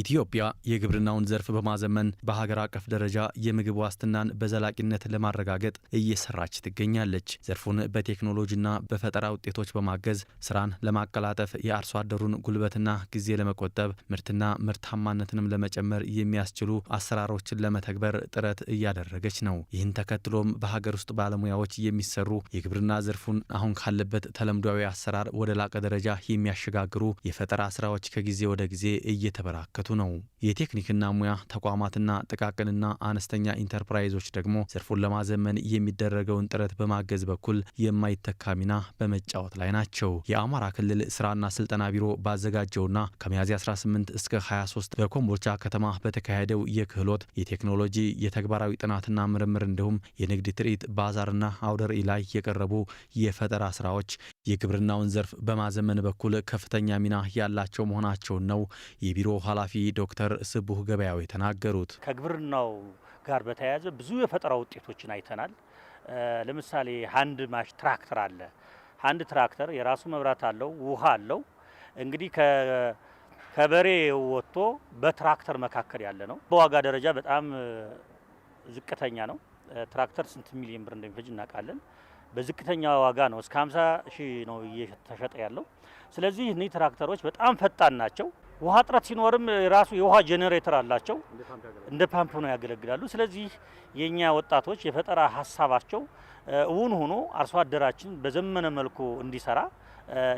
ኢትዮጵያ የግብርናውን ዘርፍ በማዘመን በሀገር አቀፍ ደረጃ የምግብ ዋስትናን በዘላቂነት ለማረጋገጥ እየሰራች ትገኛለች። ዘርፉን በቴክኖሎጂና በፈጠራ ውጤቶች በማገዝ ስራን ለማቀላጠፍ የአርሶ አደሩን ጉልበትና ጊዜ ለመቆጠብ ምርትና ምርታማነትንም ለመጨመር የሚያስችሉ አሰራሮችን ለመተግበር ጥረት እያደረገች ነው። ይህን ተከትሎም በሀገር ውስጥ ባለሙያዎች የሚሰሩ የግብርና ዘርፉን አሁን ካለበት ተለምዷዊ አሰራር ወደ ላቀ ደረጃ የሚያሸጋግሩ የፈጠራ ስራዎች ከጊዜ ወደ ጊዜ እየተበራከቱ መሰራቱ ነው። የቴክኒክና ሙያ ተቋማትና ጥቃቅንና አነስተኛ ኢንተርፕራይዞች ደግሞ ዘርፉን ለማዘመን የሚደረገውን ጥረት በማገዝ በኩል የማይተካ ሚና በመጫወት ላይ ናቸው። የአማራ ክልል ስራና ስልጠና ቢሮ ባዘጋጀውና ከሚያዝያ 18 እስከ 23 በኮምቦልቻ ከተማ በተካሄደው የክህሎት የቴክኖሎጂ የተግባራዊ ጥናትና ምርምር እንዲሁም የንግድ ትርኢት ባዛርና አውደ ርዕይ ላይ የቀረቡ የፈጠራ ስራዎች የግብርናውን ዘርፍ በማዘመን በኩል ከፍተኛ ሚና ያላቸው መሆናቸውን ነው የቢሮ ኃላፊ ዶክተር ስቡህ ገበያው የተናገሩት። ከግብርናው ጋር በተያያዘ ብዙ የፈጠራ ውጤቶችን አይተናል። ለምሳሌ ሀንድ ማሽ ትራክተር አለ። ሀንድ ትራክተር የራሱ መብራት አለው፣ ውሃ አለው። እንግዲህ ከበሬ ወጥቶ በትራክተር መካከል ያለ ነው። በዋጋ ደረጃ በጣም ዝቅተኛ ነው። ትራክተር ስንት ሚሊዮን ብር እንደሚፈጅ እናውቃለን። በዝቅተኛ ዋጋ ነው። እስከ 50 ሺህ ነው እየተሸጠ ያለው። ስለዚህ እኒህ ትራክተሮች በጣም ፈጣን ናቸው። ውሃ እጥረት ሲኖርም የራሱ የውሃ ጄኔሬተር አላቸው። እንደ ፓምፕ ነው ያገለግላሉ። ስለዚህ የእኛ ወጣቶች የፈጠራ ሀሳባቸው እውን ሆኖ አርሶ አደራችን በዘመነ መልኩ እንዲሰራ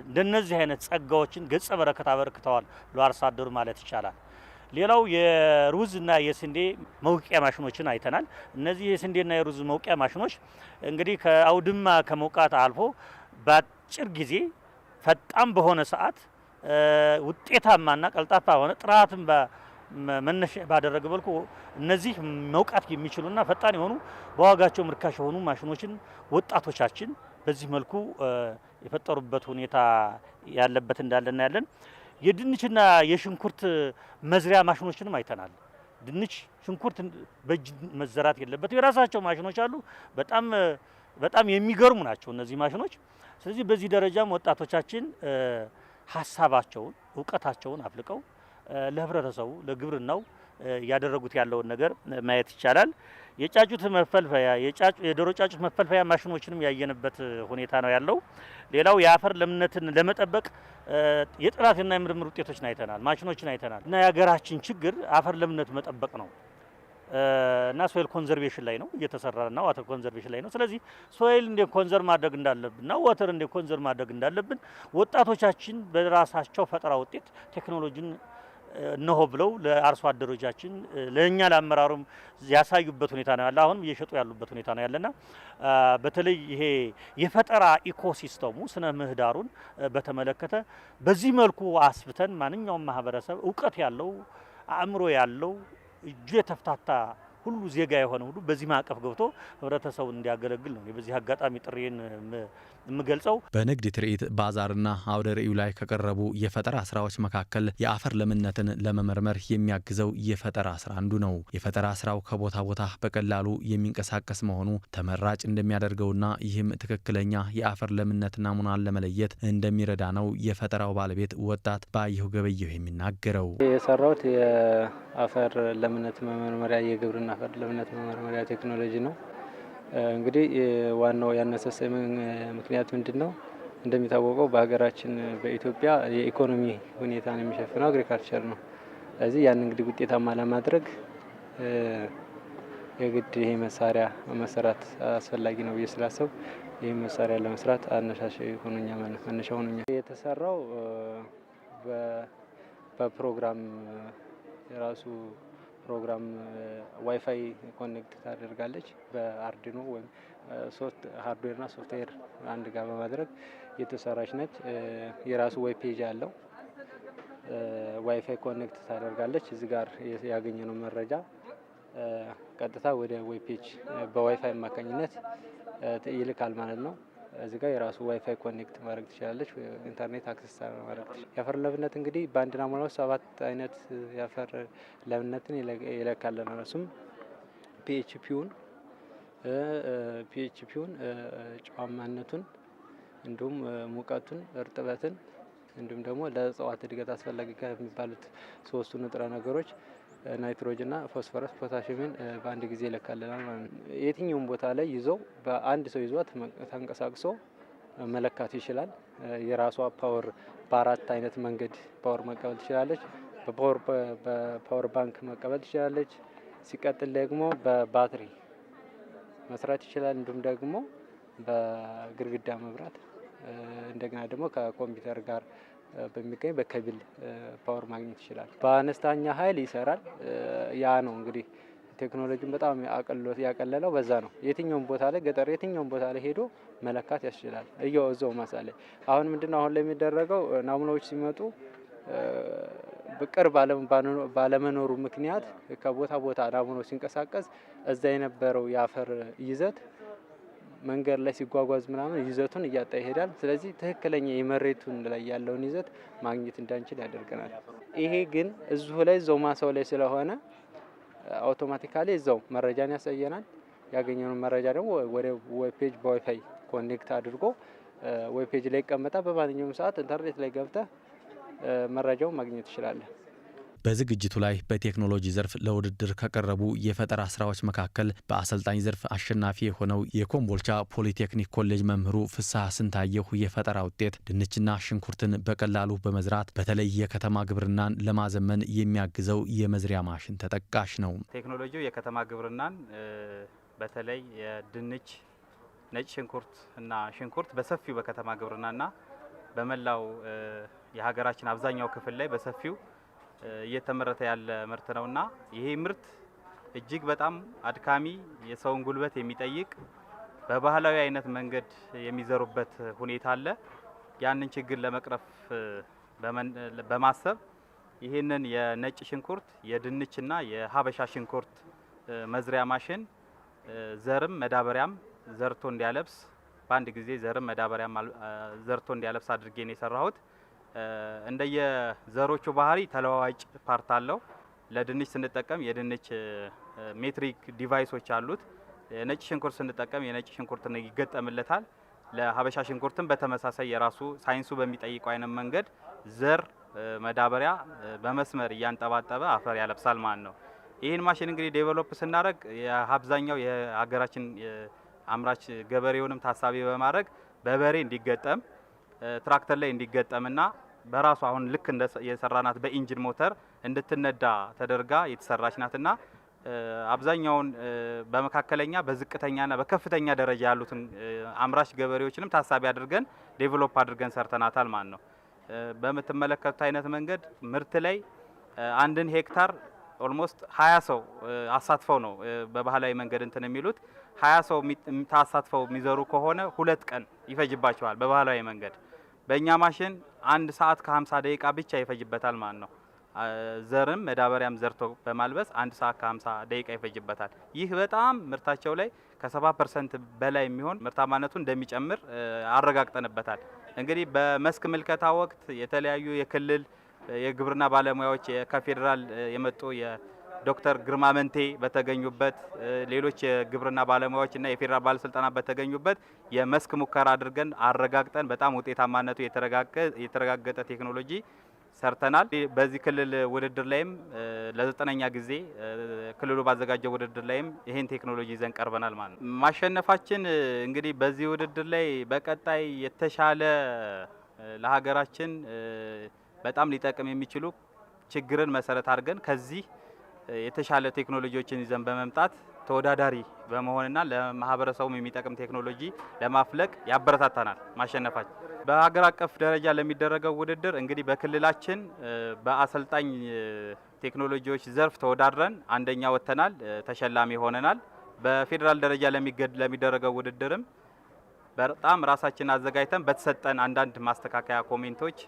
እንደነዚህ አይነት ጸጋዎችን ገጸ በረከት አበርክተዋል ለአርሶ አደሩ ማለት ይቻላል። ሌላው የሩዝ እና የስንዴ መውቂያ ማሽኖችን አይተናል። እነዚህ የስንዴና የሩዝ መውቂያ ማሽኖች እንግዲህ ከአውድማ ከመውቃት አልፎ በአጭር ጊዜ ፈጣን በሆነ ሰዓት ውጤታማና ቀልጣፋ ሆነ ጥራትን መነሻ ባደረገ መልኩ እነዚህ መውቃት የሚችሉና ፈጣን የሆኑ በዋጋቸው ምርካሽ የሆኑ ማሽኖችን ወጣቶቻችን በዚህ መልኩ የፈጠሩበት ሁኔታ ያለበት እንዳለና ያለን የድንችና የሽንኩርት መዝሪያ ማሽኖችንም አይተናል። ድንች፣ ሽንኩርት በእጅ መዘራት የለበትም። የራሳቸው ማሽኖች አሉ። በጣም በጣም የሚገርሙ ናቸው እነዚህ ማሽኖች። ስለዚህ በዚህ ደረጃም ወጣቶቻችን ሀሳባቸውን እውቀታቸውን አፍልቀው ለህብረተሰቡ ለግብርናው ያደረጉት ያለውን ነገር ማየት ይቻላል። የጫጩት መፈልፈያ የዶሮ ጫጩት መፈልፈያ ማሽኖችንም ያየንበት ሁኔታ ነው ያለው። ሌላው የአፈር ለምነትን ለመጠበቅ የጥናትና የምርምር ውጤቶችን አይተናል፣ ማሽኖችን አይተናል እና የሀገራችን ችግር አፈር ለምነት መጠበቅ ነው እና ሶይል ኮንዘርቬሽን ላይ ነው እየተሰራ እና ዋተር ኮንዘርቬሽን ላይ ነው። ስለዚህ ሶይል እንደ ኮንዘርቭ ማድረግ እንዳለብን እና ዋተር እንደ ኮንዘርቭ ማድረግ እንዳለብን ወጣቶቻችን በራሳቸው ፈጠራ ውጤት ቴክኖሎጂን እነሆ ብለው ለአርሶ አደሮቻችን ለእኛ ለአመራሩም ያሳዩበት ሁኔታ ነው ያለ። አሁንም እየሸጡ ያሉበት ሁኔታ ነው ያለና በተለይ ይሄ የፈጠራ ኢኮሲስተሙ ስነ ምህዳሩን በተመለከተ በዚህ መልኩ አስብተን ማንኛውም ማህበረሰብ እውቀት ያለው አእምሮ ያለው እጁ የተፍታታ ሁሉ ዜጋ የሆነ ሁሉ በዚህ ማዕቀፍ ገብቶ ህብረተሰቡን እንዲያገለግል ነው በዚህ አጋጣሚ ጥሬን የምገልጸው። በንግድ ትርኢት ባዛርና አውደ ርዕዩ ላይ ከቀረቡ የፈጠራ ስራዎች መካከል የአፈር ለምነትን ለመመርመር የሚያግዘው የፈጠራ ስራ አንዱ ነው። የፈጠራ ስራው ከቦታ ቦታ በቀላሉ የሚንቀሳቀስ መሆኑ ተመራጭ እንደሚያደርገውና ይህም ትክክለኛ የአፈር ለምነት ናሙናን ለመለየት እንደሚረዳ ነው የፈጠራው ባለቤት ወጣት ባየሁ ገበየሁ የሚናገረው። የሰራሁት የአፈር ለምነት መመርመሪያ የግብርና አፈር ለምነት መመርመሪያ ቴክኖሎጂ ነው። እንግዲህ ዋናው ያነሳሳይ ምክንያት ምንድን ነው? እንደሚታወቀው በሀገራችን በኢትዮጵያ የኢኮኖሚ ሁኔታን የሚሸፍነው አግሪካልቸር ነው። ስለዚህ ያን እንግዲህ ውጤታማ ለማድረግ የግድ ይሄ መሳሪያ መሰራት አስፈላጊ ነው ብዬ ስላሰብ ይህ መሳሪያ ለመስራት አነሻሽ ሆኖኛል፣ መነሻ ሆኖኛል። የተሰራው በፕሮግራም የራሱ ፕሮግራም ዋይፋይ ኮኔክት ታደርጋለች። በአርዲኖ ወይም ሶፍት ሃርድዌርና ሶፍትዌር አንድ ጋር በማድረግ የተሰራች ነች። የራሱ ዌብ ፔጅ አለው። ዋይፋይ ኮኔክት ታደርጋለች። እዚህ ጋር ያገኘነው መረጃ ቀጥታ ወደ ዌብ ፔጅ በዋይፋይ አማካኝነት ይልካል ማለት ነው። እዚ ጋር የራሱ ዋይፋይ ኮኔክት ማድረግ ትችላለች። ኢንተርኔት አክሰስ ማድረግ የአፈር ለምነት እንግዲህ በአንድ ናሙና ውስጥ ሰባት አይነት የአፈር ለምነትን ይለካለን። እሱም ፒኤችፒውን ፒኤችፒውን ጨዋማነቱን፣ እንዲሁም ሙቀቱን፣ እርጥበትን እንዲሁም ደግሞ ለእጽዋት እድገት አስፈላጊ ከሚባሉት ሶስቱ ንጥረ ነገሮች ናይትሮጅንና ፎስፈረስ ፖታሽምን በአንድ ጊዜ ይለካልናል ማለት ነው። የትኛውም ቦታ ላይ ይዘው በአንድ ሰው ይዟት ተንቀሳቅሶ መለካት ይችላል። የራሷ ፓወር በአራት አይነት መንገድ ፓወር መቀበል ትችላለች። በፓወር ባንክ መቀበል ትችላለች። ሲቀጥል ደግሞ በባትሪ መስራት ይችላል። እንዲሁም ደግሞ በግድግዳ መብራት እንደገና ደግሞ ከኮምፒውተር ጋር በሚገኝ በከቢል ፓወር ማግኘት ይችላል። በአነስተኛ ኃይል ይሰራል። ያ ነው እንግዲህ ቴክኖሎጂን በጣም ያቀለለው በዛ ነው። የትኛውም ቦታ ላይ ገጠር የትኛውም ቦታ ላይ ሄዶ መለካት ያስችላል። እያው እዛው ማሳ ላይ አሁን ምንድነው አሁን ላይ የሚደረገው ናሙናዎች ሲመጡ ቅርብ ባለመኖሩ ምክንያት ከቦታ ቦታ ናሙናው ሲንቀሳቀስ እዛ የነበረው የአፈር ይዘት መንገድ ላይ ሲጓጓዝ ምናምን ይዘቱን እያጣ ይሄዳል። ስለዚህ ትክክለኛ የመሬቱን ላይ ያለውን ይዘት ማግኘት እንዳንችል ያደርገናል። ይሄ ግን እዚሁ ላይ እዛው ማሳው ላይ ስለሆነ አውቶማቲካሊ እዛው መረጃን ያሳየናል። ያገኘነውን መረጃ ደግሞ ወደ ዌብፔጅ በዋይፋይ ኮኔክት አድርጎ ዌብፔጅ ላይ ይቀመጣል። በማንኛውም ሰዓት ኢንተርኔት ላይ ገብተህ መረጃውን ማግኘት ትችላለህ። በዝግጅቱ ላይ በቴክኖሎጂ ዘርፍ ለውድድር ከቀረቡ የፈጠራ ስራዎች መካከል በአሰልጣኝ ዘርፍ አሸናፊ የሆነው የኮምቦልቻ ፖሊቴክኒክ ኮሌጅ መምህሩ ፍስሐ ስንታየሁ የፈጠራ ውጤት ድንችና ሽንኩርትን በቀላሉ በመዝራት በተለይ የከተማ ግብርናን ለማዘመን የሚያግዘው የመዝሪያ ማሽን ተጠቃሽ ነው። ቴክኖሎጂው የከተማ ግብርናን በተለይ የድንች፣ ነጭ ሽንኩርት እና ሽንኩርት በሰፊው በከተማ ግብርናና በመላው የሀገራችን አብዛኛው ክፍል ላይ በሰፊው እየተመረተ ያለ ምርት ነውና ይሄ ምርት እጅግ በጣም አድካሚ የሰውን ጉልበት የሚጠይቅ በባህላዊ አይነት መንገድ የሚዘሩበት ሁኔታ አለ። ያንን ችግር ለመቅረፍ በማሰብ ይህንን የነጭ ሽንኩርት የድንችና የሀበሻ ሽንኩርት መዝሪያ ማሽን ዘርም መዳበሪያም ዘርቶ እንዲያለብስ በአንድ ጊዜ ዘርም መዳበሪያም ዘርቶ እንዲያለብስ አድርጌ ነው የሰራሁት። እንደየዘሮቹ ባህሪ ተለዋዋጭ ፓርት አለው። ለድንች ስንጠቀም የድንች ሜትሪክ ዲቫይሶች አሉት። የነጭ ሽንኩርት ስንጠቀም የነጭ ሽንኩርት ይገጠምለታል። ለሀበሻ ሽንኩርትም በተመሳሳይ የራሱ ሳይንሱ በሚጠይቀው አይነት መንገድ ዘር መዳበሪያ በመስመር እያንጠባጠበ አፈር ያለብሳል ማለት ነው። ይህን ማሽን እንግዲህ ዴቨሎፕ ስናደረግ አብዛኛው የሀገራችን አምራች ገበሬውንም ታሳቢ በማድረግ በበሬ እንዲገጠም ትራክተር ላይ እንዲገጠምና በራሱ አሁን ልክ እንደ የሰራናት በኢንጂን ሞተር እንድትነዳ ተደርጋ የተሰራች ናትና አብዛኛውን በመካከለኛ በዝቅተኛና በከፍተኛ ደረጃ ያሉትን አምራች ገበሬዎችንም ታሳቢ አድርገን ዴቨሎፕ አድርገን ሰርተናታል ማለት ነው። በምትመለከቱት አይነት መንገድ ምርት ላይ አንድን ሄክታር ኦልሞስት ሀያ ሰው አሳትፈው ነው በባህላዊ መንገድ እንትን የሚሉት ሀያ ሰው ታሳትፈው የሚዘሩ ከሆነ ሁለት ቀን ይፈጅባቸዋል በባህላዊ መንገድ በእኛ ማሽን አንድ ሰዓት ከ50 ደቂቃ ብቻ ይፈጅበታል ማለት ነው። ዘርም መዳበሪያም ዘርቶ በማልበስ አንድ ሰዓት ከ50 ደቂቃ ይፈጅበታል። ይህ በጣም ምርታቸው ላይ ከ70 ፐርሰንት በላይ የሚሆን ምርታማነቱ እንደሚጨምር አረጋግጠንበታል። እንግዲህ በመስክ ምልከታ ወቅት የተለያዩ የክልል የግብርና ባለሙያዎች ከፌዴራል የመጡ ዶክተር ግርማ መንቴ በተገኙበት ሌሎች የግብርና ባለሙያዎች እና የፌዴራል ባለስልጣናት በተገኙበት የመስክ ሙከራ አድርገን አረጋግጠን በጣም ውጤታማነቱ የተረጋገጠ ቴክኖሎጂ ሰርተናል። በዚህ ክልል ውድድር ላይም ለዘጠነኛ ጊዜ ክልሉ ባዘጋጀው ውድድር ላይም ይህን ቴክኖሎጂ ይዘን ቀርበናል ማለት ነው። ማሸነፋችን እንግዲህ በዚህ ውድድር ላይ በቀጣይ የተሻለ ለሀገራችን በጣም ሊጠቅም የሚችሉ ችግርን መሰረት አድርገን ከዚህ የተሻለ ቴክኖሎጂዎችን ይዘን በመምጣት ተወዳዳሪ በመሆንና ለማህበረሰቡም የሚጠቅም ቴክኖሎጂ ለማፍለቅ ያበረታታናል። ማሸነፋችን በሀገር አቀፍ ደረጃ ለሚደረገው ውድድር እንግዲህ በክልላችን በአሰልጣኝ ቴክኖሎጂዎች ዘርፍ ተወዳድረን አንደኛ ወጥተናል፣ ተሸላሚ ሆነናል። በፌዴራል ደረጃ ለሚደረገው ውድድርም በጣም ራሳችን አዘጋጅተን በተሰጠን አንዳንድ ማስተካከያ ኮሜንቶች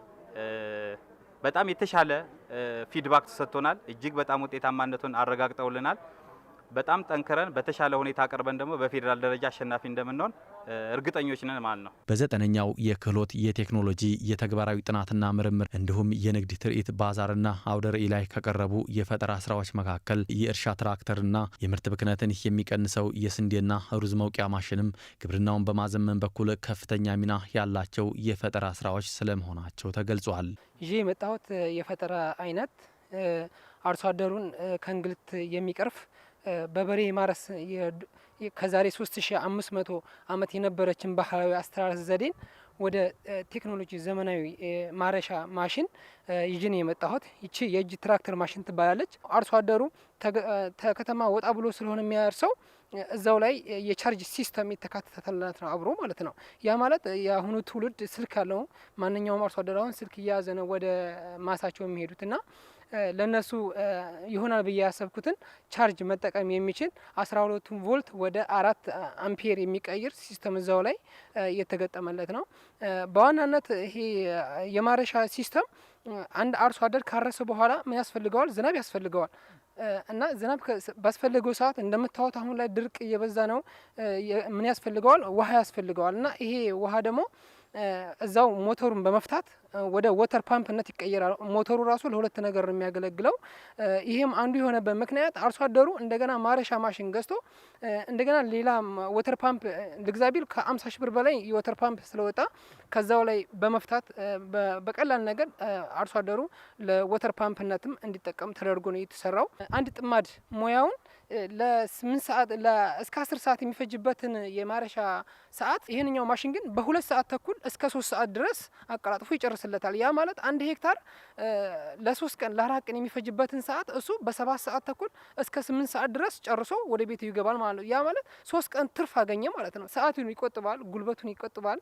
በጣም የተሻለ ፊድባክ ተሰጥቶናል። እጅግ በጣም ውጤታማነቱን አረጋግጠውልናል። በጣም ጠንክረን በተሻለ ሁኔታ ቀርበን ደግሞ በፌዴራል ደረጃ አሸናፊ እንደምንሆን እርግጠኞች ነን ማለት ነው። በዘጠነኛው የክህሎት የቴክኖሎጂ የተግባራዊ ጥናትና ምርምር እንዲሁም የንግድ ትርኢት ባዛርና አውደ ርዕይ ላይ ከቀረቡ የፈጠራ ስራዎች መካከል የእርሻ ትራክተርና የምርት ብክነትን የሚቀንሰው የስንዴና ሩዝ መውቂያ ማሽንም ግብርናውን በማዘመን በኩል ከፍተኛ ሚና ያላቸው የፈጠራ ስራዎች ስለመሆናቸው ተገልጿል። ይዤ የመጣሁት የፈጠራ አይነት አርሶ አደሩን ከእንግልት የሚቀርፍ በበሬ የማረስ ከዛሬ 3500 አመት የነበረችን ባህላዊ አስተራረስ ዘዴን ወደ ቴክኖሎጂ ዘመናዊ ማረሻ ማሽን ይጅን የመጣሁት ይቺ የእጅ ትራክተር ማሽን ትባላለች። አርሶ አደሩ ከከተማ ወጣ ብሎ ስለሆነ የሚያርሰው እዛው ላይ የቻርጅ ሲስተም የተካተተላት ነው አብሮ ማለት ነው። ያ ማለት የአሁኑ ትውልድ ስልክ ያለው ማንኛውም አርሶ አደር አሁን ስልክ እየያዘ ነው ወደ ማሳቸው የሚሄዱት ና ለነሱ ይሆናል ብዬ ያሰብኩትን ቻርጅ መጠቀም የሚችል አስራ ሁለቱን ቮልት ወደ አራት አምፔር የሚቀይር ሲስተም እዛው ላይ እየተገጠመለት ነው። በዋናነት ይሄ የማረሻ ሲስተም አንድ አርሶ አደር ካረሰ በኋላ ምን ያስፈልገዋል? ዝናብ ያስፈልገዋል እና ዝናብ ባስፈለገው ሰዓት እንደምታወት አሁን ላይ ድርቅ እየበዛ ነው። ምን ያስፈልገዋል? ውሃ ያስፈልገዋል እና ይሄ ውሃ ደግሞ እዛው ሞተሩን በመፍታት ወደ ወተር ፓምፕነት ይቀየራል። ሞተሩ ራሱ ለሁለት ነገር ነው የሚያገለግለው። ይህም አንዱ የሆነበት ምክንያት አርሶ አደሩ እንደገና ማረሻ ማሽን ገዝቶ እንደገና ሌላ ወተር ፓምፕ ልግዛ ቢል ከአምሳ ሺ ብር በላይ የወተር ፓምፕ ስለወጣ ከዛው ላይ በመፍታት በቀላል ነገር አርሶ አደሩ ለወተር ፓምፕነትም እንዲጠቀም ተደርጎ ነው የተሰራው። አንድ ጥማድ ሙያውን እስከ አስር ሰዓት የሚፈጅበትን የማረሻ ሰዓት ይህንኛው ማሽን ግን በሁለት ሰዓት ተኩል እስከ ሶስት ሰዓት ድረስ አቀላጥፎ ይጨርስለታል። ያ ማለት አንድ ሄክታር ለሶስት ቀን ለአራት ቀን የሚፈጅበትን ሰዓት እሱ በሰባት ሰዓት ተኩል እስከ ስምንት ሰዓት ድረስ ጨርሶ ወደ ቤት ይገባል ማለት ነው። ያ ማለት ሶስት ቀን ትርፍ አገኘ ማለት ነው። ሰዓቱን ይቆጥባል፣ ጉልበቱን ይቆጥባል።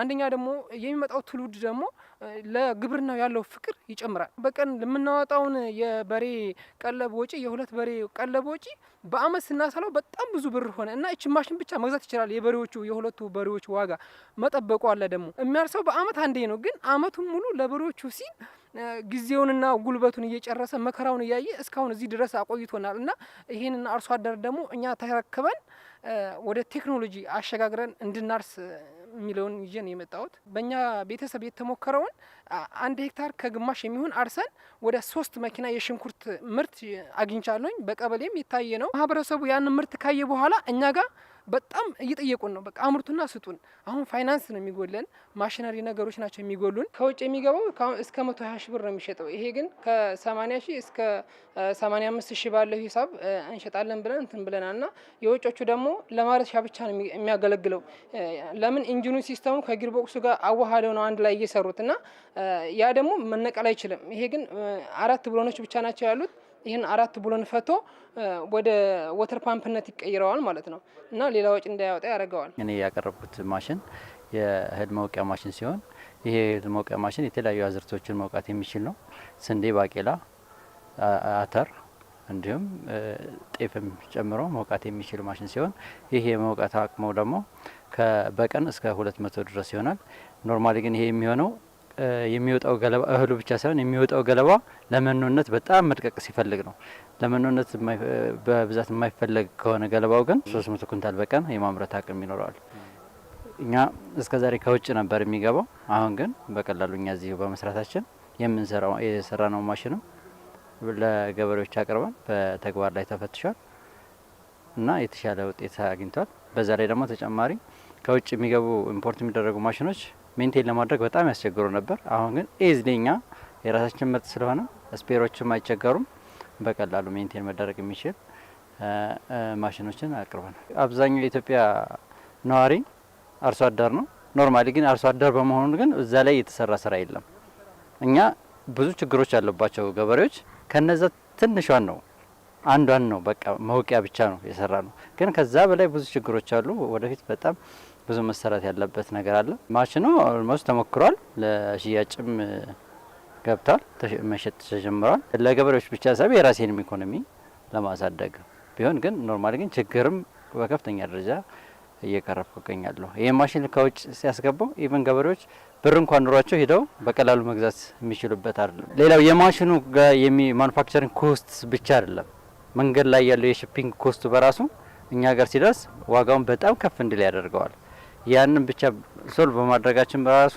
አንደኛ ደግሞ የሚመጣው ትውልድ ደግሞ ለግብርናው ያለው ፍቅር ይጨምራል። በቀን የምናወጣውን የበሬ ቀለብ ወጪ የሁለት በሬ ቀለብ ወጪ በአመት ስናሰላው በጣም ብዙ ብር ሆነ እና እች ማሽን ብቻ መግዛት ይችላል። የበሬዎቹ የሁለቱ በሬዎች ዋጋ መጠበቁ አለ። ደግሞ የሚያርሰው በአመት አንዴ ነው፣ ግን አመቱን ሙሉ ለበሬዎቹ ሲል ጊዜውንና ጉልበቱን እየጨረሰ መከራውን እያየ እስካሁን እዚህ ድረስ አቆይቶናል እና ይህንን አርሶ አደር ደግሞ እኛ ተረክበን ወደ ቴክኖሎጂ አሸጋግረን እንድናርስ የሚለውን ይዤ ነው የመጣሁት። በእኛ ቤተሰብ የተሞከረውን አንድ ሄክታር ከግማሽ የሚሆን አርሰን ወደ ሶስት መኪና የሽንኩርት ምርት አግኝቻለኝ። በቀበሌም የታየ ነው። ማህበረሰቡ ያንን ምርት ካየ በኋላ እኛ ጋር በጣም እየጠየቁን ነው። በቃ አምርቱና ስጡን። አሁን ፋይናንስ ነው የሚጎለን፣ ማሽነሪ ነገሮች ናቸው የሚጎሉን። ከውጭ የሚገባው እስከ መቶ ሀያ ሺህ ብር ነው የሚሸጠው። ይሄ ግን ከሰማኒያ ሺህ እስከ ሰማኒያ አምስት ሺህ ባለው ሂሳብ እንሸጣለን ብለን እንትን ብለናል። እና የውጮቹ ደግሞ ለማረሻ ብቻ ነው የሚያገለግለው። ለምን ኢንጂኑ ሲስተሙ ከጊር ጋር አዋሃደው ነው አንድ ላይ እየሰሩት እና ያ ደግሞ መነቀል አይችልም። ይሄ ግን አራት ብሎኖች ብቻ ናቸው ያሉት ይህን አራት ብሎን ፈቶ ወደ ወተር ፓምፕነት ይቀይረዋል ማለት ነው እና ሌላ ወጪ እንዳያወጣ ያደርገዋል። እኔ ያቀረብኩት ማሽን የእህል መውቂያ ማሽን ሲሆን ይሄ የእህል መውቂያ ማሽን የተለያዩ አዝርቶችን መውቃት የሚችል ነው። ስንዴ፣ ባቄላ፣ አተር እንዲሁም ጤፍም ጨምሮ መውቃት የሚችል ማሽን ሲሆን ይህ የመውቃት አቅሙ ደግሞ በቀን እስከ ሁለት መቶ ድረስ ይሆናል። ኖርማሊ ግን ይሄ የሚሆነው የሚወጣው ገለባ እህሉ ብቻ ሳይሆን የሚወጣው ገለባ ለመኖነት በጣም መድቀቅ ሲፈልግ ነው። ለመኖነት በብዛት የማይፈለግ ከሆነ ገለባው ግን 300 ኩንታል በቀን የማምረት አቅም ይኖረዋል። እኛ እስከዛሬ ከውጭ ነበር የሚገባው። አሁን ግን በቀላሉ እኛ እዚሁ በመስራታችን የምንሰራው የሰራ ነው ማሽንም ለገበሬዎች አቅርበን በተግባር ላይ ተፈትሿል እና የተሻለ ውጤት አግኝቷል። በዛ ላይ ደግሞ ተጨማሪ ከውጭ የሚገቡ ኢምፖርት የሚደረጉ ማሽኖች ሜንቴን ለማድረግ በጣም ያስቸግሩ ነበር። አሁን ግን ኤዝሊኛ የራሳችን ምርት ስለሆነ ስፔሮችም አይቸገሩም። በቀላሉ ሜንቴን መደረግ የሚችል ማሽኖችን አቅርበናል። አብዛኛው የኢትዮጵያ ነዋሪ አርሶ አደር ነው። ኖርማሊ ግን አርሶ አደር በመሆኑ ግን እዛ ላይ የተሰራ ስራ የለም። እኛ ብዙ ችግሮች ያለባቸው ገበሬዎች ከነዛ ትንሿን ነው አንዷን ነው በቃ መውቂያ ብቻ ነው የሰራ ነው። ግን ከዛ በላይ ብዙ ችግሮች አሉ። ወደፊት በጣም ብዙ መሰራት ያለበት ነገር አለ። ማሽኑ ኦልሞስት ተሞክሯል፣ ለሽያጭም ገብቷል፣ መሸጥ ተጀምሯል። ለገበሬዎች ብቻ ሳይሆን የራሴንም ኢኮኖሚ ለማሳደግ ቢሆን ግን ኖርማል ግን ችግርም በከፍተኛ ደረጃ እየቀረብኩ እገኛለሁ። ይህ ማሽን ከውጭ ሲያስገባው ኢቨን ገበሬዎች ብር እንኳን ኑሯቸው ሄደው በቀላሉ መግዛት የሚችሉበት አይደለም። ሌላው የማሽኑ የማኑፋክቸሪንግ ኮስት ብቻ አይደለም፣ መንገድ ላይ ያለው የሽፒንግ ኮስቱ በራሱ እኛ ሀገር ሲደርስ ዋጋውን በጣም ከፍ እንዲል ያደርገዋል። ያንን ብቻ ሶልቭ በማድረጋችን በራሱ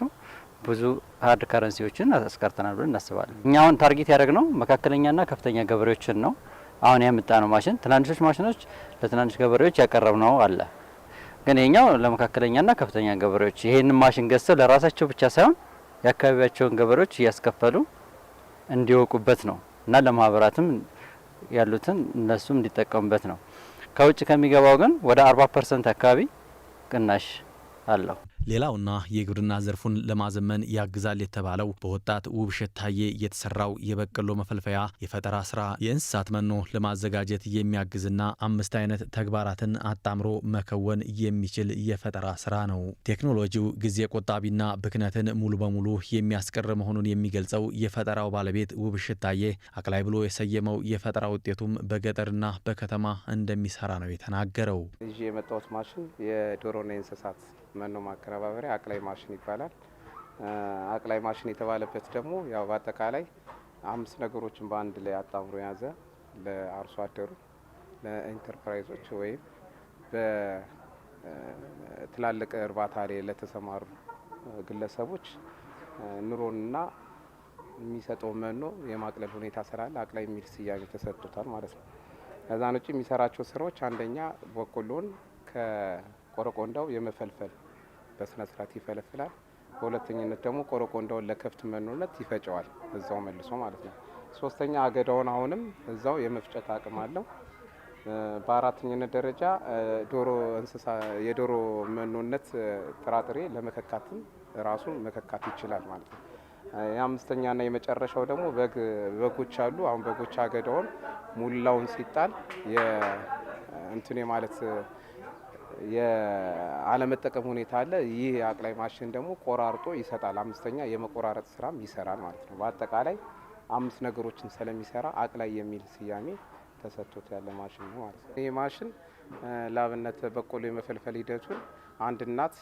ብዙ ሀርድ ከረንሲዎችን አስቀርተናል ብለን እናስባለን። እኛ ታርጌት ታርጌት ያደረግነው መካከለኛና ከፍተኛ ገበሬዎችን ነው። አሁን ነው ማሽን ትናንሾች ማሽኖች ለትናንሽ ገበሬዎች ያቀረብ ነው አለ ግን ይሄኛው ለመካከለኛና ከፍተኛ ገበሬዎች ይሄንን ማሽን ገዝተው ለራሳቸው ብቻ ሳይሆን የአካባቢያቸውን ገበሬዎች እያስከፈሉ እንዲወቁበት ነው እና ለማህበራትም ያሉትን እነሱም እንዲጠቀሙበት ነው። ከውጭ ከሚገባው ግን ወደ አርባ ፐርሰንት አካባቢ ቅናሽ አለው። ሌላውና የግብርና ዘርፉን ለማዘመን ያግዛል የተባለው በወጣት ውብሸት ታዬ የተሰራው የበቆሎ መፈልፈያ የፈጠራ ስራ የእንስሳት መኖ ለማዘጋጀት የሚያግዝና አምስት አይነት ተግባራትን አጣምሮ መከወን የሚችል የፈጠራ ስራ ነው። ቴክኖሎጂው ጊዜ ቆጣቢና ብክነትን ሙሉ በሙሉ የሚያስቀር መሆኑን የሚገልጸው የፈጠራው ባለቤት ውብሸት ታዬ አቅላይ ብሎ የሰየመው የፈጠራ ውጤቱም በገጠርና በከተማ እንደሚሰራ ነው የተናገረው። ይዤ የመጣሁት ማሽን የዶሮና የእንስሳት መኖ ማቀነባበሪያ አቅላይ ማሽን ይባላል። አቅላይ ማሽን የተባለበት ደግሞ ያው በአጠቃላይ አምስት ነገሮችን በአንድ ላይ አጣምሮ የያዘ ለአርሶ አደሩ፣ ለኢንተርፕራይዞች ወይም በትላልቅ እርባታ ላይ ለተሰማሩ ግለሰቦች ኑሮንና የሚሰጠው መኖ የማቅለል ሁኔታ ስላለ አቅላይ የሚል ስያሜ ተሰጥቶታል ማለት ነው። ከዛን ውጭ የሚሰራቸው ስራዎች አንደኛ በቆሎን ከቆረቆንዳው የመፈልፈል በስነ ስርዓት ይፈለፍላል። በሁለተኝነት ደግሞ ቆረቆንዳውን ለከፍት መኖነት ይፈጨዋል እዛው መልሶ ማለት ነው። ሶስተኛ አገዳውን አሁንም እዛው የመፍጨት አቅም አለው። በአራተኝነት ደረጃ ዶሮ እንስሳ የዶሮ መኖነት ጥራጥሬ ለመከካትም ራሱ መከካት ይችላል ማለት ነው። የአምስተኛና የመጨረሻው ደግሞ በግ በጎች አሉ። አሁን በጎች አገዳውን ሙላውን ሲጣል እንትኔ ማለት የአለመጠቀም ሁኔታ አለ። ይህ አቅላይ ማሽን ደግሞ ቆራርጦ ይሰጣል። አምስተኛ የመቆራረጥ ስራም ይሰራል ማለት ነው። በአጠቃላይ አምስት ነገሮችን ስለሚሰራ አቅላይ የሚል ስያሜ ተሰጥቶት ያለ ማሽን ነው ማለት ነው። ይህ ማሽን ለአብነት በቆሎ የመፈልፈል ሂደቱን አንድ እናት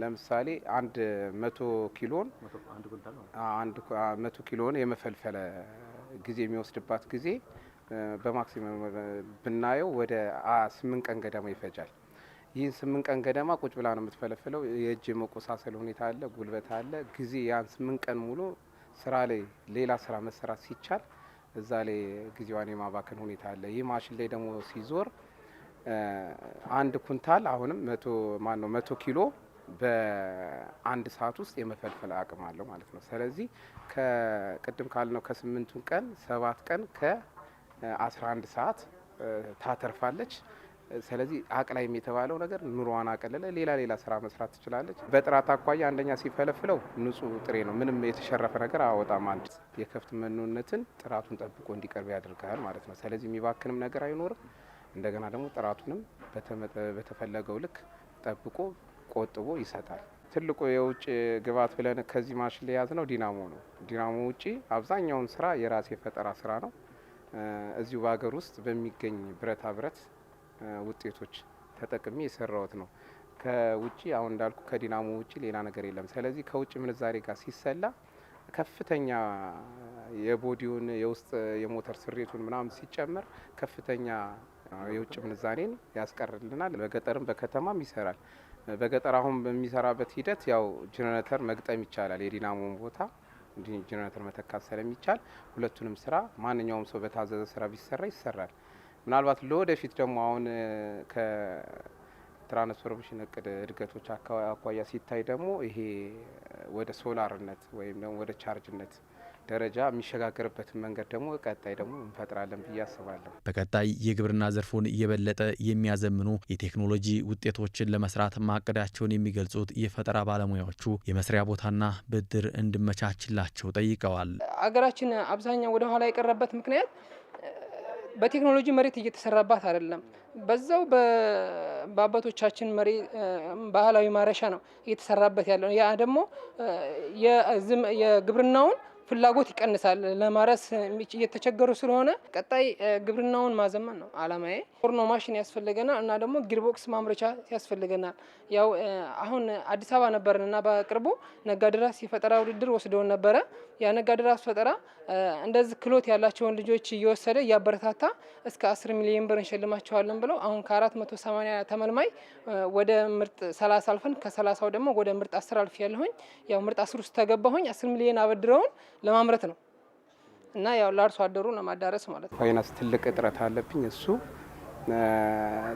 ለምሳሌ አንድ መቶ ኪሎን አንድ መቶ ኪሎን የመፈልፈለ ጊዜ የሚወስድባት ጊዜ በማክሲመም ብናየው ወደ ስምንት ቀን ገደማ ይፈጃል። ይህን ስምንት ቀን ገደማ ቁጭ ብላ ነው የምትፈለፍለው። የእጅ መቆሳሰል ሁኔታ አለ፣ ጉልበት አለ። ጊዜ ያን ስምንት ቀን ሙሉ ስራ ላይ ሌላ ስራ መሰራት ሲቻል እዛ ላይ ጊዜዋን የማባከን ሁኔታ አለ። ይህ ማሽን ላይ ደግሞ ሲዞር አንድ ኩንታል አሁንም መቶ ማን ነው መቶ ኪሎ በአንድ ሰዓት ውስጥ የመፈልፈል አቅም አለው ማለት ነው። ስለዚህ ከቅድም ካልነው ከስምንቱን ቀን ሰባት ቀን ከ 11 ሰዓት ታተርፋለች። ስለዚህ አቅላይም የተባለው ነገር ኑሮዋን አቀለለ፣ ሌላ ሌላ ስራ መስራት ትችላለች። በጥራት አኳያ አንደኛ ሲፈለፍለው ንጹህ ጥሬ ነው፣ ምንም የተሸረፈ ነገር አወጣም። አንድ የከብት መኖነትን ጥራቱን ጠብቆ እንዲቀርብ ያደርጋል ማለት ነው። ስለዚህ የሚባክንም ነገር አይኖርም። እንደገና ደግሞ ጥራቱንም በተፈለገው ልክ ጠብቆ ቆጥቦ ይሰጣል። ትልቁ የውጭ ግብዓት ብለን ከዚህ ማሽን ላይ ነው ዲናሞ ነው። ዲናሞ ውጪ አብዛኛውን ስራ የራሴ ፈጠራ ስራ ነው። እዚሁ በሀገር ውስጥ በሚገኝ ብረታ ብረት ውጤቶች ተጠቅሜ የሰራሁት ነው። ከውጭ አሁን እንዳልኩ ከዲናሞ ውጭ ሌላ ነገር የለም። ስለዚህ ከውጭ ምንዛሬ ጋር ሲሰላ ከፍተኛ የቦዲውን የውስጥ የሞተር ስሬቱን ምናምን ሲጨምር ከፍተኛ የውጭ ምንዛሬን ያስቀርልናል። በገጠርም በከተማም ይሰራል። በገጠር አሁን በሚሰራበት ሂደት ያው ጀነሬተር መግጠም ይቻላል የዲናሞን ቦታ እንዲሁም ጄኔሬተር መተካት ስለሚቻል ሁለቱንም ስራ ማንኛውም ሰው በታዘዘ ስራ ቢሰራ ይሰራል። ምናልባት ለወደፊት ደግሞ አሁን ከትራንስፎርሜሽን እቅድ እድገቶች አኳያ ሲታይ ደግሞ ይሄ ወደ ሶላርነት ወይም ደግሞ ወደ ቻርጅነት ደረጃ የሚሸጋገርበትን መንገድ ደግሞ ቀጣይ ደግሞ እንፈጥራለን ብዬ አስባለሁ። በቀጣይ የግብርና ዘርፉን እየበለጠ የሚያዘምኑ የቴክኖሎጂ ውጤቶችን ለመስራት ማቀዳቸውን የሚገልጹት የፈጠራ ባለሙያዎቹ የመስሪያ ቦታና ብድር እንድመቻችላቸው ጠይቀዋል። አገራችን አብዛኛው ወደኋላ የቀረበት ምክንያት በቴክኖሎጂ መሬት እየተሰራባት አይደለም። በዛው በአባቶቻችን መሬ ባህላዊ ማረሻ ነው እየተሰራበት ያለው። ያ ደግሞ የግብርናውን ፍላጎት ይቀንሳል። ለማረስ እየተቸገሩ ስለሆነ ቀጣይ ግብርናውን ማዘመን ነው አላማዬ። ፎርኖ ማሽን ያስፈልገናል እና ደግሞ ጊርቦክስ ማምረቻ ያስፈልገናል። ያው አሁን አዲስ አበባ ነበርን እና በቅርቡ ነጋድራስ የፈጠራ ውድድር ወስደውን ነበረ። ያ ፈጠራ እንደዚህ ክሎት ያላቸውን ልጆች እየወሰደ እያበረታታ እስከ 10 ሚሊዮን ብር እንሸልማቸዋለን ብለው አሁን ከ480 ተመልማይ ወደ ምርጥ 30 አልፈን ከ 30 ደግሞ ወደ ምርጥ 10 አልፍ ያለሁኝ ያው ምርጥ 10 ውስጥ ተገባሁኝ። 10 ሚሊዮን አበድረውን ለማምረት ነው እና ያው ለአርሶ አደሩ ለማዳረስ ማለት ነው። ፋይናንስ ትልቅ እጥረት አለብኝ እሱ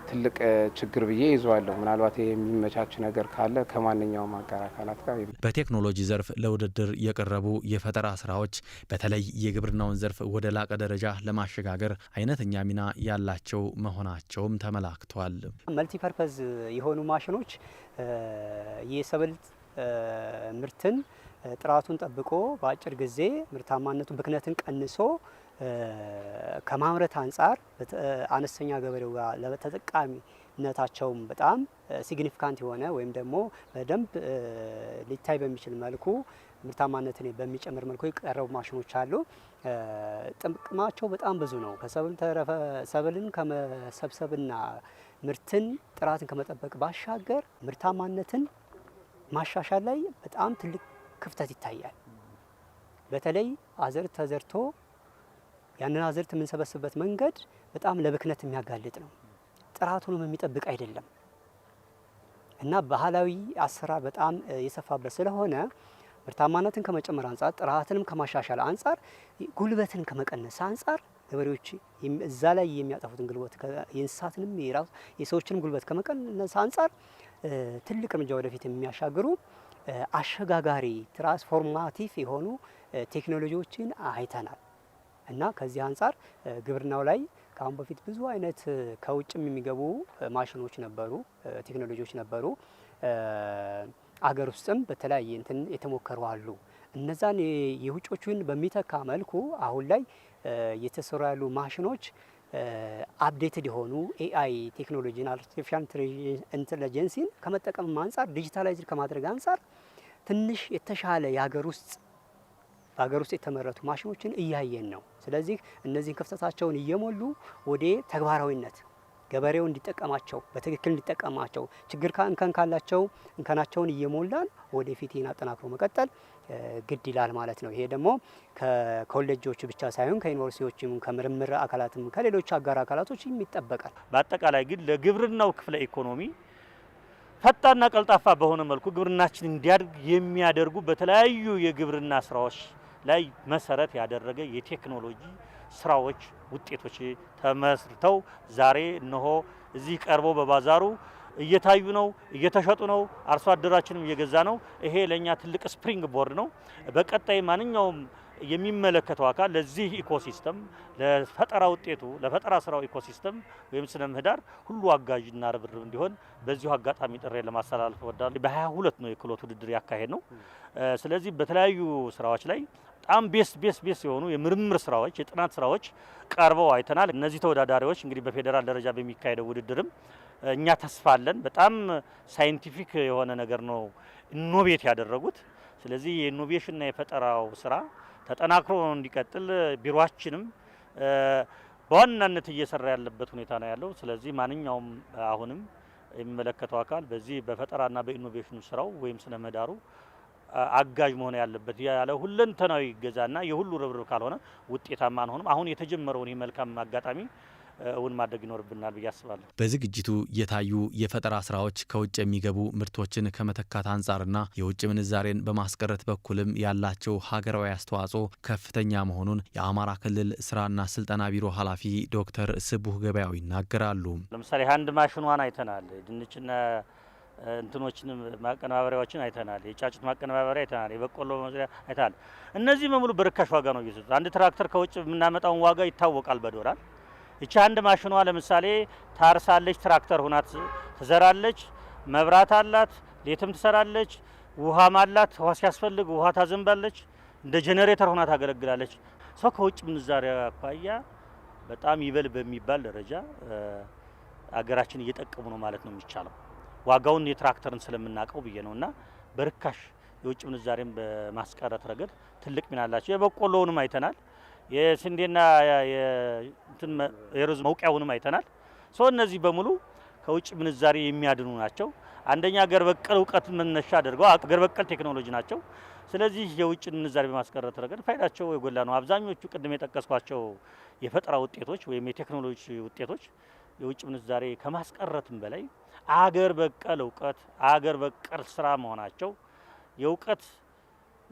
ትልቅ ችግር ብዬ ይዘዋለሁ። ምናልባት የሚመቻች ነገር ካለ ከማንኛውም አጋር አካላት ጋር በቴክኖሎጂ ዘርፍ ለውድድር የቀረቡ የፈጠራ ስራዎች በተለይ የግብርናውን ዘርፍ ወደ ላቀ ደረጃ ለማሸጋገር አይነተኛ ሚና ያላቸው መሆናቸውም ተመላክቷል። መልቲፐርፐዝ የሆኑ ማሽኖች የሰብል ምርትን ጥራቱን ጠብቆ በአጭር ጊዜ ምርታማነቱ ብክነትን ቀንሶ ከማምረት አንጻር አነስተኛ ገበሬው ጋር ለተጠቃሚነታቸውም በጣም ሲግኒፊካንት የሆነ ወይም ደግሞ በደንብ ሊታይ በሚችል መልኩ ምርታማነትን በሚጨምር መልኩ የቀረቡ ማሽኖች አሉ። ጥቅማቸው በጣም ብዙ ነው። ከሰብል ተረፈ ሰብልን ከመሰብሰብና ምርትን ጥራትን ከመጠበቅ ባሻገር ምርታማነትን ማሻሻል ላይ በጣም ትልቅ ክፍተት ይታያል። በተለይ አዘር ተዘርቶ ያንን አዝርት የምንሰበስብበት መንገድ በጣም ለብክነት የሚያጋልጥ ነው። ጥራቱንም የሚጠብቅ አይደለም እና ባህላዊ አሰራር በጣም የሰፋበት ስለሆነ ምርታማነትን ከመጨመር አንጻር፣ ጥራትንም ከማሻሻል አንጻር፣ ጉልበትን ከመቀነስ አንጻር ገበሬዎች እዛ ላይ የሚያጠፉትን ጉልበት የእንስሳትንም የሰዎችንም ጉልበት ከመቀነስ አንጻር ትልቅ እርምጃ ወደፊት የሚያሻግሩ አሸጋጋሪ ትራንስፎርማቲቭ የሆኑ ቴክኖሎጂዎችን አይተናል እና ከዚህ አንጻር ግብርናው ላይ ከአሁን በፊት ብዙ አይነት ከውጭም የሚገቡ ማሽኖች ነበሩ፣ ቴክኖሎጂዎች ነበሩ። አገር ውስጥም በተለያየ እንትን የተሞከሩ አሉ። እነዛን የውጮቹን በሚተካ መልኩ አሁን ላይ የተሰሩ ያሉ ማሽኖች አፕዴትድ የሆኑ ኤአይ ቴክኖሎጂን አርቲፊሻል ኢንቴሊጀንሲን ከመጠቀም አንጻር ዲጂታላይዝድ ከማድረግ አንጻር ትንሽ የተሻለ የሀገር ውስጥ በሀገር ውስጥ የተመረቱ ማሽኖችን እያየን ነው። ስለዚህ እነዚህን ክፍተታቸውን እየሞሉ ወደ ተግባራዊነት ገበሬው እንዲጠቀማቸው በትክክል እንዲጠቀማቸው ችግር እንከን ካላቸው እንከናቸውን እየሞላን ወደፊት ይህን አጠናክሮ መቀጠል ግድ ይላል ማለት ነው። ይሄ ደግሞ ከኮሌጆቹ ብቻ ሳይሆን ከዩኒቨርሲቲዎችም፣ ከምርምር አካላትም፣ ከሌሎች አጋር አካላቶች ይጠበቃል። በአጠቃላይ ግን ለግብርናው ክፍለ ኢኮኖሚ ፈጣንና ቀልጣፋ በሆነ መልኩ ግብርናችን እንዲያድግ የሚያደርጉ በተለያዩ የግብርና ስራዎች ላይ መሰረት ያደረገ የቴክኖሎጂ ስራዎች ውጤቶች ተመስርተው ዛሬ እነሆ እዚህ ቀርቦ በባዛሩ እየታዩ ነው፣ እየተሸጡ ነው። አርሶ አደራችንም እየገዛ ነው። ይሄ ለእኛ ትልቅ ስፕሪንግ ቦርድ ነው። በቀጣይ ማንኛውም የሚመለከተው አካል ለዚህ ኢኮሲስተም ለፈጠራ ውጤቱ ለፈጠራ ስራው ኢኮሲስተም ወይም ስነ ምህዳር ሁሉ አጋዥና ርብርብ እንዲሆን በዚሁ አጋጣሚ ጥሬ ለማስተላለፍ እወዳለሁ። በሀያ ሁለት ነው የክህሎት ውድድር ያካሄድ ነው። ስለዚህ በተለያዩ ስራዎች ላይ በጣም ቤስ ቤስ ቤስ የሆኑ የምርምር ስራዎች የጥናት ስራዎች ቀርበው አይተናል። እነዚህ ተወዳዳሪዎች እንግዲህ በፌዴራል ደረጃ በሚካሄደው ውድድርም እኛ ተስፋ አለን። በጣም ሳይንቲፊክ የሆነ ነገር ነው ኢኖቬት ያደረጉት። ስለዚህ የኢኖቬሽንና የፈጠራው ስራ ተጠናክሮ እንዲቀጥል ቢሮችንም በዋናነት እየሰራ ያለበት ሁኔታ ነው ያለው። ስለዚህ ማንኛውም አሁንም የሚመለከተው አካል በዚህ በፈጠራና በኢኖቬሽኑ ስራው ወይም ስነ ምህዳሩ አጋዥ መሆን ያለበት ያለ ሁለንተናዊ ገዛና የሁሉ ርብርብ ካልሆነ ውጤታማ አንሆንም። አሁን የተጀመረውን ይህ መልካም አጋጣሚ እውን ማድረግ ይኖርብናል ብዬ አስባለሁ። በዝግጅቱ የታዩ የፈጠራ ስራዎች ከውጭ የሚገቡ ምርቶችን ከመተካት አንጻርና የውጭ ምንዛሬን በማስቀረት በኩልም ያላቸው ሀገራዊ አስተዋጽኦ ከፍተኛ መሆኑን የአማራ ክልል ስራና ስልጠና ቢሮ ኃላፊ ዶክተር ስቡህ ገበያው ይናገራሉ። ለምሳሌ አንድ ማሽኗን አይተናል። ድንችና እንትኖችንም ማቀነባበሪያዎችን አይተናል። የጫጭት ማቀነባበሪያ አይተናል። የበቆሎ መስሪያ አይተናል። እነዚህ በሙሉ በርካሽ ዋጋ ነው እየሰጡት። አንድ ትራክተር ከውጭ የምናመጣውን ዋጋ ይታወቃል በዶላር ይቺ አንድ ማሽኗ ለምሳሌ ታርሳለች፣ ትራክተር ሆና ትዘራለች፣ መብራት አላት፣ ሌትም ትሰራለች፣ ውሃም አላት። ውሃ ሲያስፈልግ ውሃ ታዘንባለች። እንደ ጄኔሬተር ሆና ታገለግላለች። ሰው ከውጭ ምንዛሪ አኳያ በጣም ይበል በሚባል ደረጃ አገራችን እየጠቀሙ ነው ማለት ነው የሚቻለው። ዋጋውን የትራክተርን ስለምናውቀው ብዬ ነው እና በርካሽ የውጭ ምንዛሬን በማስቀረት ረገድ ትልቅ ሚና አላቸው። የበቆሎውንም አይተናል። የስንዴና የሩዝ መውቂያውንም አይተናል። ሶ እነዚህ በሙሉ ከውጭ ምንዛሬ የሚያድኑ ናቸው። አንደኛ ሀገር በቀል እውቀት መነሻ አድርገው አገር በቀል ቴክኖሎጂ ናቸው። ስለዚህ የውጭ ምንዛሬ በማስቀረት ረገድ ፋይዳቸው የጎላ ነው። አብዛኞቹ ቅድም የጠቀስኳቸው የፈጠራ ውጤቶች ወይም የቴክኖሎጂ ውጤቶች የውጭ ምንዛሬ ከማስቀረትም በላይ አገር በቀል እውቀት፣ አገር በቀል ስራ መሆናቸው የእውቀት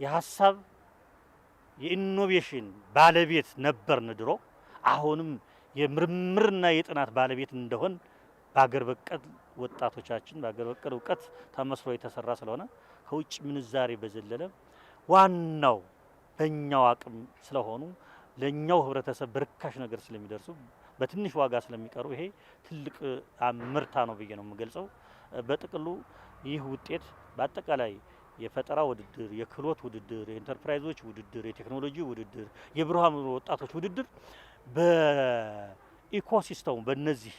የሀሳብ የኢኖቬሽን ባለቤት ነበርን ድሮ። አሁንም የምርምርና የጥናት ባለቤት እንደሆን በሀገር በቀል ወጣቶቻችን በሀገር በቀል እውቀት ተመስሎ የተሰራ ስለሆነ ከውጭ ምንዛሬ በዘለለ ዋናው በእኛው አቅም ስለሆኑ ለእኛው ህብረተሰብ በርካሽ ነገር ስለሚደርሱ በትንሽ ዋጋ ስለሚቀሩ ይሄ ትልቅ ምርታ ነው ብዬ ነው የምገልጸው። በጥቅሉ ይህ ውጤት በአጠቃላይ የፈጠራ ውድድር፣ የክህሎት ውድድር፣ የኢንተርፕራይዞች ውድድር፣ የቴክኖሎጂ ውድድር፣ የብርሃን ወጣቶች ውድድር በኢኮሲስተሙ በነዚህ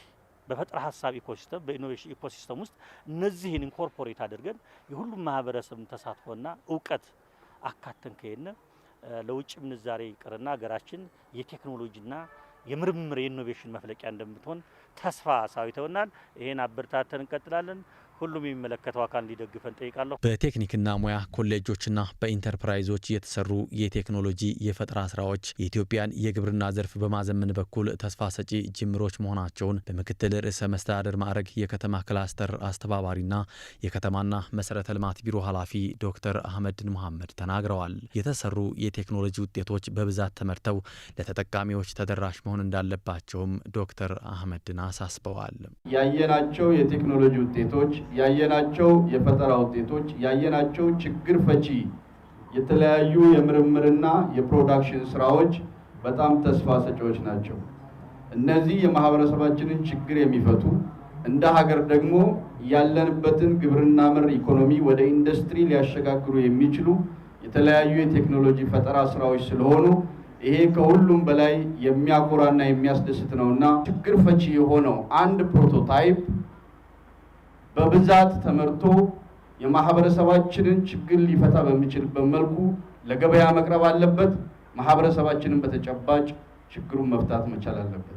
በፈጠራ ሀሳብ ኢኮሲስተም በኢኖቬሽን ኢኮሲስተም ውስጥ እነዚህን ኢንኮርፖሬት አድርገን የሁሉም ማህበረሰብ ተሳትፎና እውቀት አካተን ከሄነ ለውጭ ምንዛሬ ይቅርና ሀገራችን የቴክኖሎጂና የምርምር የኢኖቬሽን መፍለቂያ እንደምትሆን ተስፋ ሳዊተውናል። ይህን አበርታተን እንቀጥላለን። ሁሉም የሚመለከተው አካል እንዲደግፈን ጠይቃለሁ። በቴክኒክና ሙያ ኮሌጆችና በኢንተርፕራይዞች የተሰሩ የቴክኖሎጂ የፈጠራ ስራዎች የኢትዮጵያን የግብርና ዘርፍ በማዘመን በኩል ተስፋ ሰጪ ጅምሮች መሆናቸውን በምክትል ርዕሰ መስተዳደር ማዕረግ የከተማ ክላስተር አስተባባሪና የከተማና መሰረተ ልማት ቢሮ ኃላፊ ዶክተር አህመድን መሐመድ ተናግረዋል። የተሰሩ የቴክኖሎጂ ውጤቶች በብዛት ተመርተው ለተጠቃሚዎች ተደራሽ መሆን እንዳለባቸውም ዶክተር አህመድን አሳስበዋል። ያየናቸው የቴክኖሎጂ ውጤቶች ያየናቸው የፈጠራ ውጤቶች፣ ያየናቸው ችግር ፈቺ የተለያዩ የምርምርና የፕሮዳክሽን ስራዎች በጣም ተስፋ ሰጪዎች ናቸው። እነዚህ የማህበረሰባችንን ችግር የሚፈቱ እንደ ሀገር ደግሞ ያለንበትን ግብርና ምር ኢኮኖሚ ወደ ኢንዱስትሪ ሊያሸጋግሩ የሚችሉ የተለያዩ የቴክኖሎጂ ፈጠራ ስራዎች ስለሆኑ ይሄ ከሁሉም በላይ የሚያኮራና የሚያስደስት ነውና ችግር ፈቺ የሆነው አንድ ፕሮቶታይፕ በብዛት ተመርቶ የማህበረሰባችንን ችግር ሊፈታ በሚችልበት መልኩ ለገበያ መቅረብ አለበት። ማህበረሰባችንን በተጨባጭ ችግሩን መፍታት መቻል አለበት።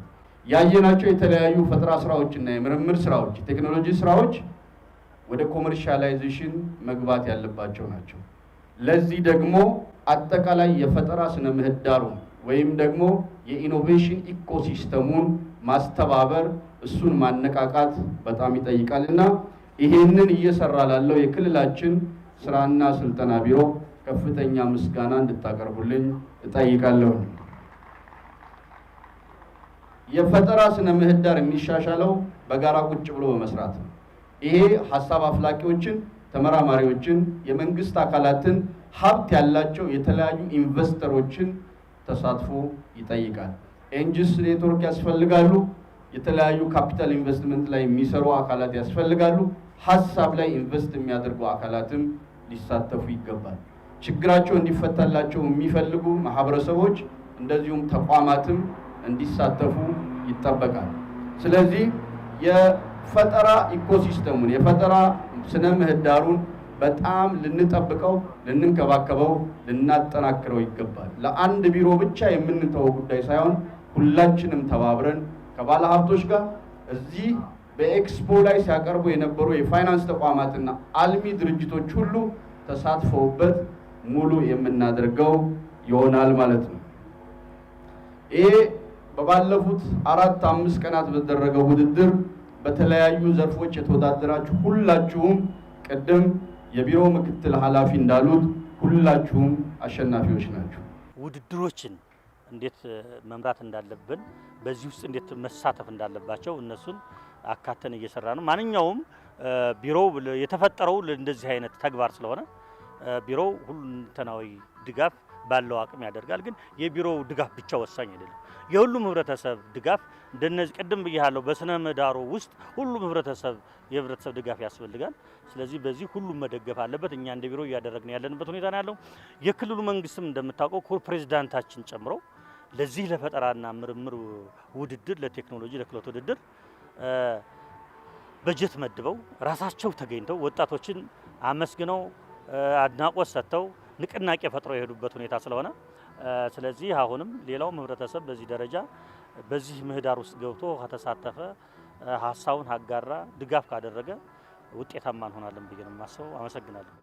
ያየናቸው የተለያዩ ፈጠራ ስራዎችና የምርምር ስራዎች፣ የቴክኖሎጂ ስራዎች ወደ ኮመርሻላይዜሽን መግባት ያለባቸው ናቸው። ለዚህ ደግሞ አጠቃላይ የፈጠራ ስነ ምህዳሩን ወይም ደግሞ የኢኖቬሽን ኢኮሲስተሙን ማስተባበር እሱን ማነቃቃት በጣም ይጠይቃል እና ይሄንን እየሰራ ላለው የክልላችን ስራና ስልጠና ቢሮ ከፍተኛ ምስጋና እንድታቀርቡልኝ እጠይቃለሁ። የፈጠራ ስነ ምህዳር የሚሻሻለው በጋራ ቁጭ ብሎ በመስራት ነው። ይሄ ሀሳብ አፍላቂዎችን፣ ተመራማሪዎችን፣ የመንግስት አካላትን፣ ሀብት ያላቸው የተለያዩ ኢንቨስተሮችን ተሳትፎ ይጠይቃል። ኤንጂስ ኔትወርክ ያስፈልጋሉ። የተለያዩ ካፒታል ኢንቨስትመንት ላይ የሚሰሩ አካላት ያስፈልጋሉ። ሀሳብ ላይ ኢንቨስት የሚያደርጉ አካላትም ሊሳተፉ ይገባል። ችግራቸው እንዲፈታላቸው የሚፈልጉ ማህበረሰቦች እንደዚሁም ተቋማትም እንዲሳተፉ ይጠበቃል። ስለዚህ የፈጠራ ኢኮሲስተሙን የፈጠራ ስነ ምህዳሩን በጣም ልንጠብቀው፣ ልንንከባከበው፣ ልናጠናክረው ይገባል። ለአንድ ቢሮ ብቻ የምንተወው ጉዳይ ሳይሆን ሁላችንም ተባብረን ከባለ ሀብቶች ጋር እዚህ በኤክስፖ ላይ ሲያቀርቡ የነበሩ የፋይናንስ ተቋማትና አልሚ ድርጅቶች ሁሉ ተሳትፈውበት ሙሉ የምናደርገው ይሆናል ማለት ነው። ይሄ በባለፉት አራት አምስት ቀናት በተደረገው ውድድር በተለያዩ ዘርፎች የተወዳደራችሁ ሁላችሁም ቅድም የቢሮ ምክትል ኃላፊ እንዳሉት ሁላችሁም አሸናፊዎች ናችሁ። ውድድሮችን እንዴት መምራት እንዳለብን፣ በዚህ ውስጥ እንዴት መሳተፍ እንዳለባቸው እነሱን አካተን እየሰራ ነው። ማንኛውም ቢሮው የተፈጠረው እንደዚህ አይነት ተግባር ስለሆነ ቢሮው ሁለንተናዊ ድጋፍ ባለው አቅም ያደርጋል። ግን የቢሮው ድጋፍ ብቻ ወሳኝ አይደለም። የሁሉም ህብረተሰብ ድጋፍ እንደነዚህ ቅድም ብያለሁ፣ በስነ ምህዳሩ ውስጥ ሁሉም ህብረተሰብ የህብረተሰብ ድጋፍ ያስፈልጋል። ስለዚህ በዚህ ሁሉም መደገፍ አለበት። እኛ እንደ ቢሮ እያደረግን ያለንበት ሁኔታ ነው ያለው። የክልሉ መንግስትም እንደምታውቀው ኮር ፕሬዚዳንታችን ጨምሮ ለዚህ ለፈጠራና ምርምር ውድድር ለቴክኖሎጂ ለክህሎት ውድድር በጀት መድበው ራሳቸው ተገኝተው ወጣቶችን አመስግነው አድናቆት ሰጥተው ንቅናቄ ፈጥረው የሄዱበት ሁኔታ ስለሆነ ስለዚህ አሁንም ሌላው ህብረተሰብ በዚህ ደረጃ በዚህ ምህዳር ውስጥ ገብቶ ከተሳተፈ ሀሳቡን አጋራ ድጋፍ ካደረገ ውጤታማ እንሆናለን ብዬ ነው የማስበው። አመሰግናለሁ።